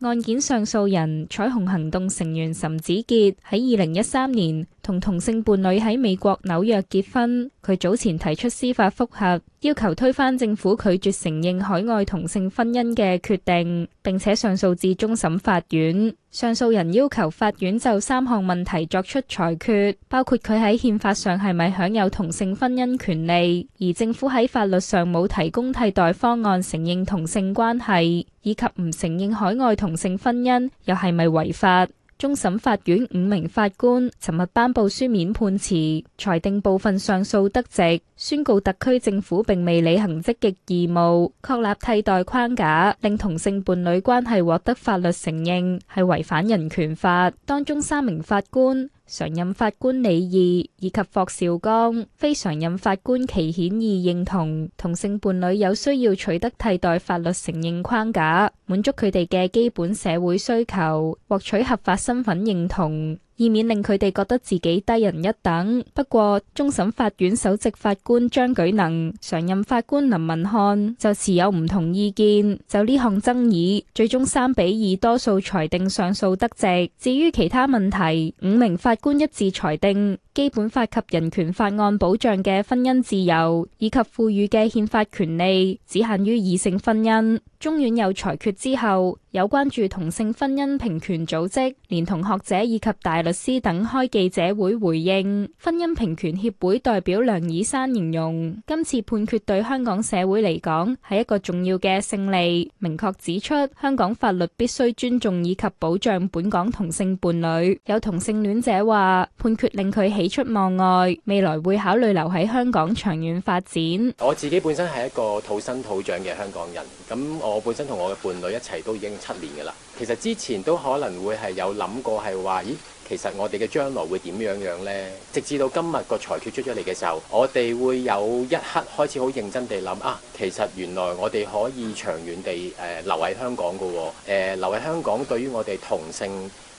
案件上訴人彩虹行動成員岑子杰喺二零一三年。同同性伴侶喺美國紐約結婚，佢早前提出司法複核，要求推翻政府拒絕承認海外同性婚姻嘅決定，並且上訴至終審法院。上訴人要求法院就三項問題作出裁決，包括佢喺憲法上係咪享有同性婚姻權利，而政府喺法律上冇提供替代方案承認同性關係，以及唔承認海外同性婚姻又係咪違法。終審法院五名法官尋日頒布書面判詞，裁定部分上訴得直，宣告特區政府並未履行積極義務，確立替代框架，令同性伴侶關係獲得法律承認，係違反人權法。當中三名法官，常任法官李義以及霍兆剛，非常任法官祁顯義認同同性伴侶有需要取得替代法律承認框架，滿足佢哋嘅基本社會需求，獲取合法身份認同。以免令佢哋覺得自己低人一等。不過，終審法院首席法官張舉能、常任法官林文瀚就持有唔同意見。就呢項爭議，最終三比二多數裁定上訴得直。至於其他問題，五名法官一致裁定。基本法及人權法案保障的婚姻自由，以及賦予的憲法權利，只限於異性婚姻。終院有裁決之後，有關注同性婚姻平權組織，連同學者以及大律師等開記者會回應。婚姻平權協會代表梁以山形容，今次判決對香港社會來講，是一個重要的勝利。明確指出，香港法律必須尊重以及保障本港同性伴侶。有同性戀者話，判決令佢起出望外，未來會考慮留喺香港長遠發展。我自己本身係一個土生土長嘅香港人，咁我本身同我嘅伴侶一齊都已經七年㗎啦。其實之前都可能會係有諗過係話，咦，其實我哋嘅將來會點樣樣呢？直至到今日個裁決出咗嚟嘅時候，我哋會有一刻開始好認真地諗啊，其實原來我哋可以長遠地誒、呃、留喺香港㗎喎、哦呃，留喺香港對於我哋同性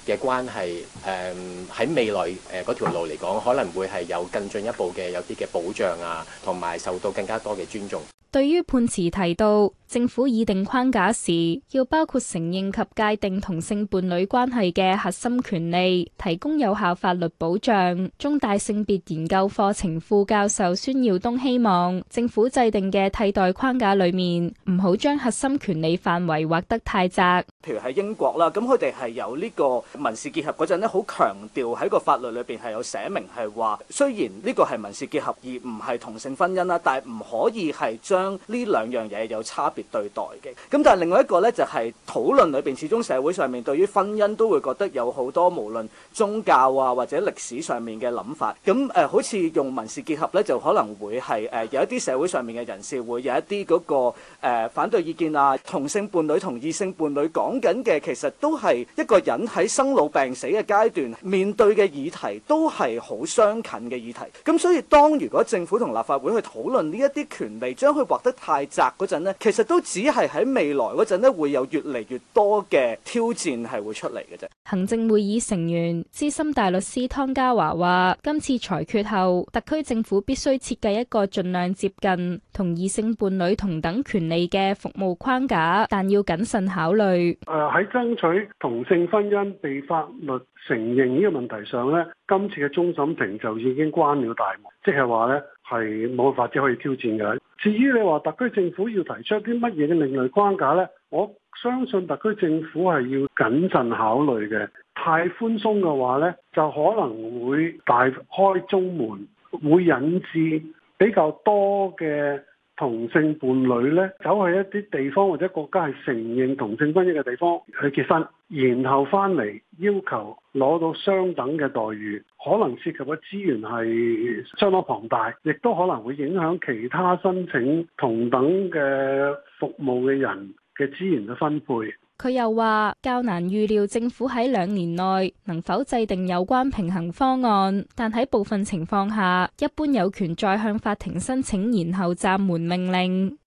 嘅關係，誒、嗯、喺未來誒嗰、呃、條路嚟講，可能會係有更進一步嘅、有啲嘅保障啊，同埋受到更加多嘅尊重。對於判詞提到，政府擬定框架時，要包括承認及界定同性伴侶關係嘅核心權利，提供有效法律保障。中大性別研究課程副教授孫耀東希望政府制定嘅替代框架裏面，唔好將核心權利範圍劃得太窄。譬如喺英國啦，咁佢哋係有呢個民事結合嗰陣呢，好強調喺個法律裏邊係有寫明係話，雖然呢個係民事結合而唔係同性婚姻啦，但係唔可以係將呢兩樣嘢有差別別對待嘅，咁、嗯、但係另外一個呢，就係、是、討論裏邊，始終社會上面對於婚姻都會覺得有好多無論宗教啊或者歷史上面嘅諗法，咁、嗯、誒、呃、好似用民事結合呢，就可能會係誒、呃、有一啲社會上面嘅人士會有一啲嗰、那個、呃、反對意見啊，同性伴侶同異性伴侶講緊嘅其實都係一個人喺生老病死嘅階段面對嘅議，議題，都係好相近嘅議題。咁所以當如果政府同立法會去討論呢一啲權利將佢劃得太窄嗰陣呢，其實都只係喺未來嗰陣咧，會有越嚟越多嘅挑戰係會出嚟嘅啫。行政會議成員資深大律師湯家驊話，今次裁決後，特區政府必須設計一個盡量接近同異性伴侶同等權利嘅服務框架，但要謹慎考慮。誒喺爭取同性婚姻被法律承認呢個問題上咧，今次嘅終審庭就已經關了大門，即係話咧。係冇法子可以挑戰嘅。至於你話特區政府要提出啲乜嘢嘅另類框架呢？我相信特區政府係要謹慎考慮嘅。太寬鬆嘅話呢，就可能會大開中門，會引致比較多嘅同性伴侶咧，走去一啲地方或者國家係承認同性婚姻嘅地方去結婚，然後翻嚟要求攞到相等嘅待遇，可能涉及嘅資源係相當龐大，亦都可能會影響其他申請同等嘅服務嘅人嘅資源嘅分配。佢又話：較難預料政府喺兩年內能否制定有關平衡方案，但喺部分情況下，一般有權再向法庭申請延後暫緩命令。